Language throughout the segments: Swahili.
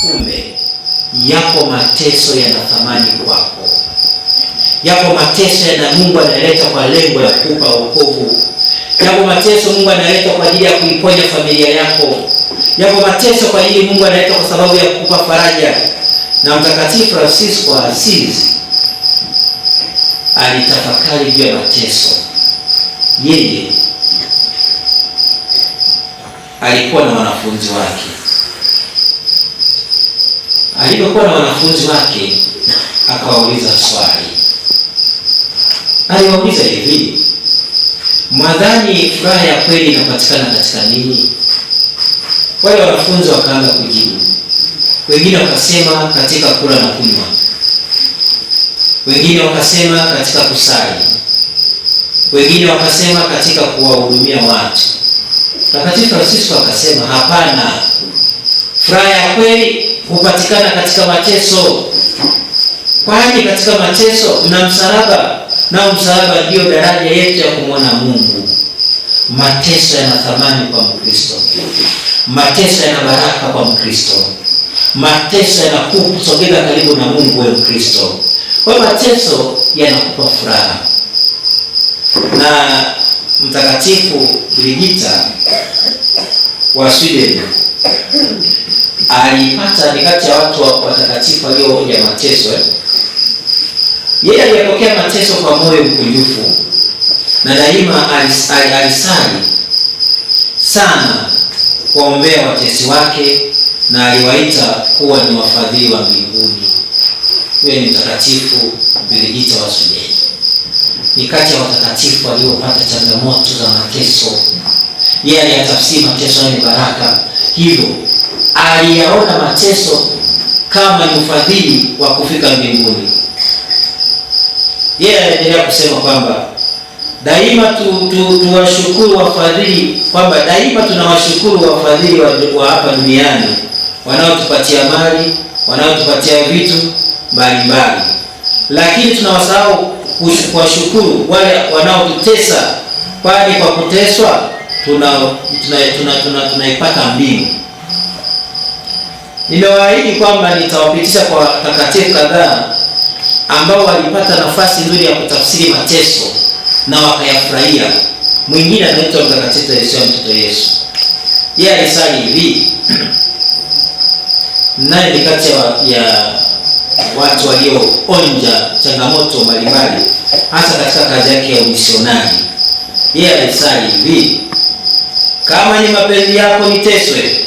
Kumbe yako mateso yana thamani kwako, yako mateso yana Mungu analeta kwa lengo ya kukupa wokovu, yako mateso Mungu analeta kwa ajili ya kuiponya familia yako, yako mateso kwa ajili Mungu analeta kwa sababu ya kukupa faraja. Na Mtakatifu francisco wa Asizi alitafakari juu ya mateso yeye alikuwa na wanafunzi wake. Alipokuwa na wanafunzi wake, akawauliza swali. Aliwauliza hivi, mwadhani furaha ya kweli inapatikana katika nini? Wale wanafunzi wakaanza kujibu, wengine wakasema katika kula na kunywa, wengine wakasema katika kusali, wengine wakasema katika kuwahudumia watu Mtakatifu Fransisko akasema hapana, furaha ya kweli hupatikana katika mateso, kwani katika mateso na msalaba, nao msalaba ndio daraja yetu ya kumwona Mungu. Mateso yana thamani kwa Mkristo, mateso yana baraka kwa Mkristo, mateso yanakusogeza karibu na Mungu, wewe Mkristo. Kwa mateso yanakupa furaha na Mtakatifu Brigita wa Sweden alipata ni kati ya watu watakatifu walioonja mateso. Eh? Yeye aliyapokea mateso kwa moyo mkunjufu na daima alisali, alisali sana kuombea watesi wake na aliwaita kuwa ni wafadhili wa mbinguni. Huyo ni Mtakatifu Brigita wa Sweden ni kati ya watakatifu waliopata changamoto za mateso. Yeye aliyatafsiri mateso ni baraka, hivyo aliyaona mateso kama ni ufadhili wa kufika mbinguni. Yeye anaendelea kusema kwamba daima tu, tu, tuwashukuru wafadhili, kwamba daima tunawashukuru wafadhili wa hapa duniani wanaotupatia mali, wanaotupatia vitu mbalimbali, lakini tunawasahau kuwashukuru wale wanaotutesa, kwani kwa kuteswa tunaipata tuna, tuna, tuna, tuna mbingu. Nimewaahidi kwamba nitawapitisha kwa watakatifu kadhaa ambao walipata nafasi nzuri ya kutafsiri mateso na wakayafurahia. Mwingine anaitwa Mtakatifu Yosefu, mtoto Yesu. Yeye alisali hivi naye ni kati ya watu walioonja changamoto mbalimbali, hasa katika kazi yake ya umisionari. Yeye alisali hivi: kama ni mapenzi yako niteswe,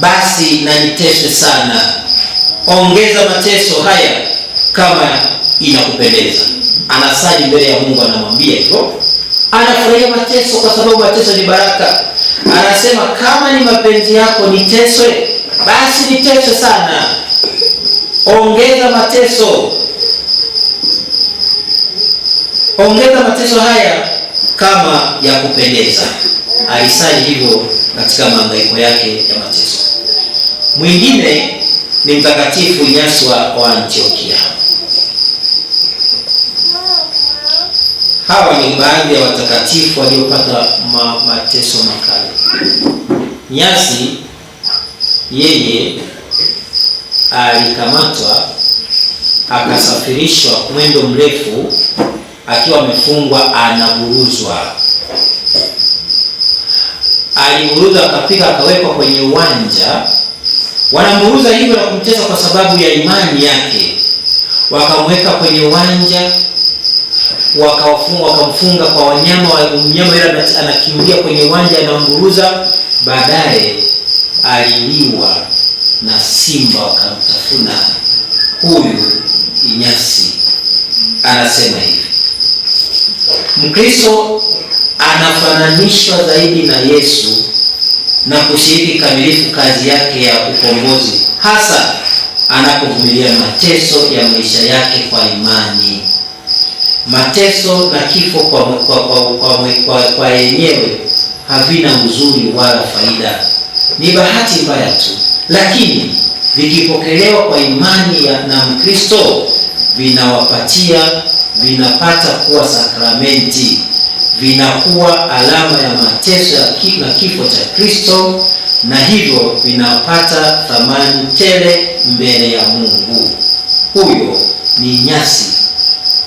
basi na niteswe sana, ongeza mateso haya kama inakupendeza. Anasali mbele ya Mungu, anamwambia hivyo, anafurahia mateso kwa sababu mateso ni baraka. Anasema kama ni mapenzi yako niteswe, basi niteswe sana ongeza mateso, ongeza mateso haya kama ya kupendeza. Aisaji hivyo katika mahangaiko yake ya mateso. Mwingine ni Mtakatifu Inyaswa wa Antiokia. Hawa ni baadhi ya watakatifu waliopata ma mateso makali. Nyasi yeye alikamatwa akasafirishwa mwendo mrefu akiwa amefungwa, anaburuzwa, aliburuzwa, akapika, akawekwa kwenye uwanja. Wanamburuza hivyo na kumcheza kwa sababu ya imani yake, wakamweka kwenye uwanja wakawafunga wakamfunga kwa wanyama. Mnyama yule anakimbia kwenye uwanja, anamburuza, baadaye aliuliwa na simba wakamtafuna huyu inyasi. Anasema hivi, Mkristo anafananishwa zaidi na Yesu na kushiriki kamilifu kazi yake ya ukombozi, hasa anapovumilia mateso ya maisha yake kwa imani. Mateso na kifo kwa, kwa, kwa, kwa, kwa, kwa yenyewe havina uzuri wala faida, ni bahati mbaya tu lakini vikipokelewa kwa imani ya na Mkristo vinawapatia, vinapata kuwa sakramenti, vinakuwa alama ya mateso na kifo cha Kristo, na hivyo vinapata thamani tele mbele ya Mungu. Huyo ni nyasi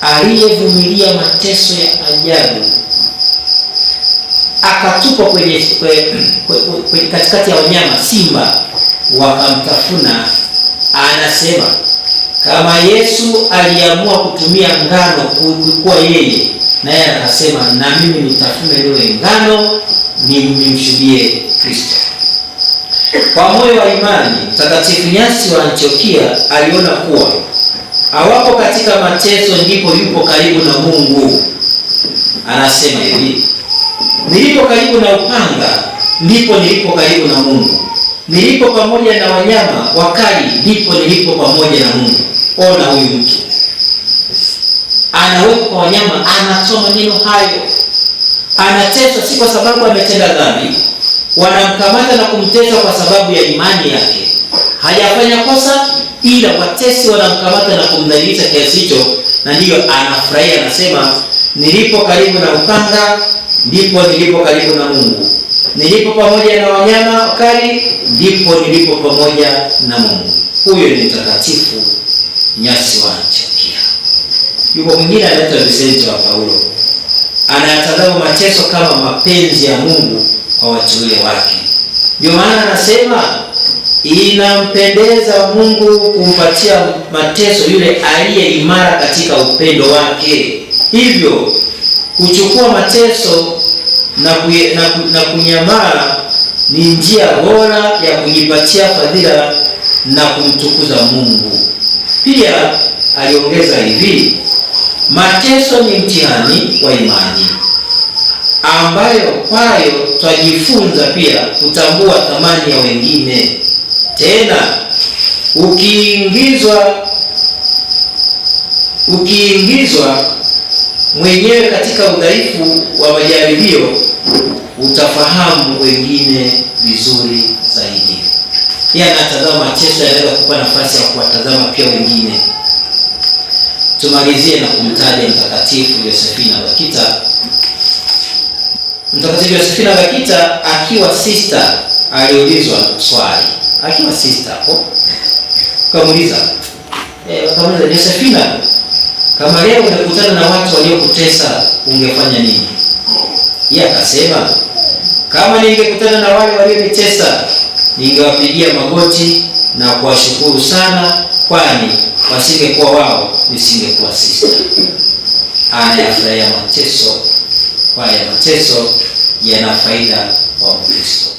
aliyevumilia mateso ya ajabu akatupwa kwenye, kwenye, kwenye katikati ya wanyama simba wakamtafuna. Anasema kama Yesu aliamua kutumia ngano kulikuwa yeye, naye akasema na mimi nitafuna ile ngano nimshubie Kristo kwa moyo wa imani. Mtakatifu Nyasi wa Antiokia aliona kuwa awapo katika mateso ndipo yupo karibu na Mungu. Anasema hivi, nilipo karibu na upanga ndipo nilipo karibu na Mungu. Nilipo pamoja na wanyama wakali, ndipo nilipo pamoja na Mungu. Ona huyu mtu anawekwa kwa wanyama, anasoma neno hayo, anateswa si kwa sababu ametenda dhambi. Wanamkamata na kumtesa kwa sababu ya imani yake, hajafanya kosa, ila watesi wanamkamata na kumdhalilisha kiasi hicho, na ndiyo anafurahia, anasema nilipo karibu na upanga ndipo nilipo karibu na Mungu, nilipo pamoja na wanyama wakali ndipo nilipo pamoja na Mungu. Huyo ni mtakatifu Nyasi wa Antiokia. Yuko mwingine anaitwa Vincent wa Paulo, anayatazama mateso kama mapenzi ya Mungu kwa wateule wake. Ndio maana anasema inampendeza Mungu kumpatia mateso yule aliye imara katika upendo wake, hivyo kuchukua mateso na, kuye, na, na kunyamara ni njia bora ya kujipatia fadhila na kumtukuza Mungu. Pia aliongeza hivi, mateso ni mtihani wa imani ambayo kwayo twajifunza pia kutambua thamani ya wengine. Tena ukiingizwa ukiingizwa mwenyewe katika udhaifu wa majaribio utafahamu wengine vizuri zaidi. Yeye anatazama Yesu, anaweza kupa nafasi ya kuwatazama pia wengine. Tumalizie na kumtaja Mtakatifu Yosefina Bakita. Mtakatifu Yosefina Bakita akiwa sista aliulizwa swali, akiwa sista hapo kamuuliza eh, Yosefina, kama leo unakutana na watu waliokutesa ungefanya nini? Yeye akasema kama ningekutana na wale walionitesa ningewapigia magoti na kuwashukuru sana, kwani wasingekuwa wao nisingekuwa sisi. Anayafurahia mateso, kwaya mateso yana faida kwa Mkristo.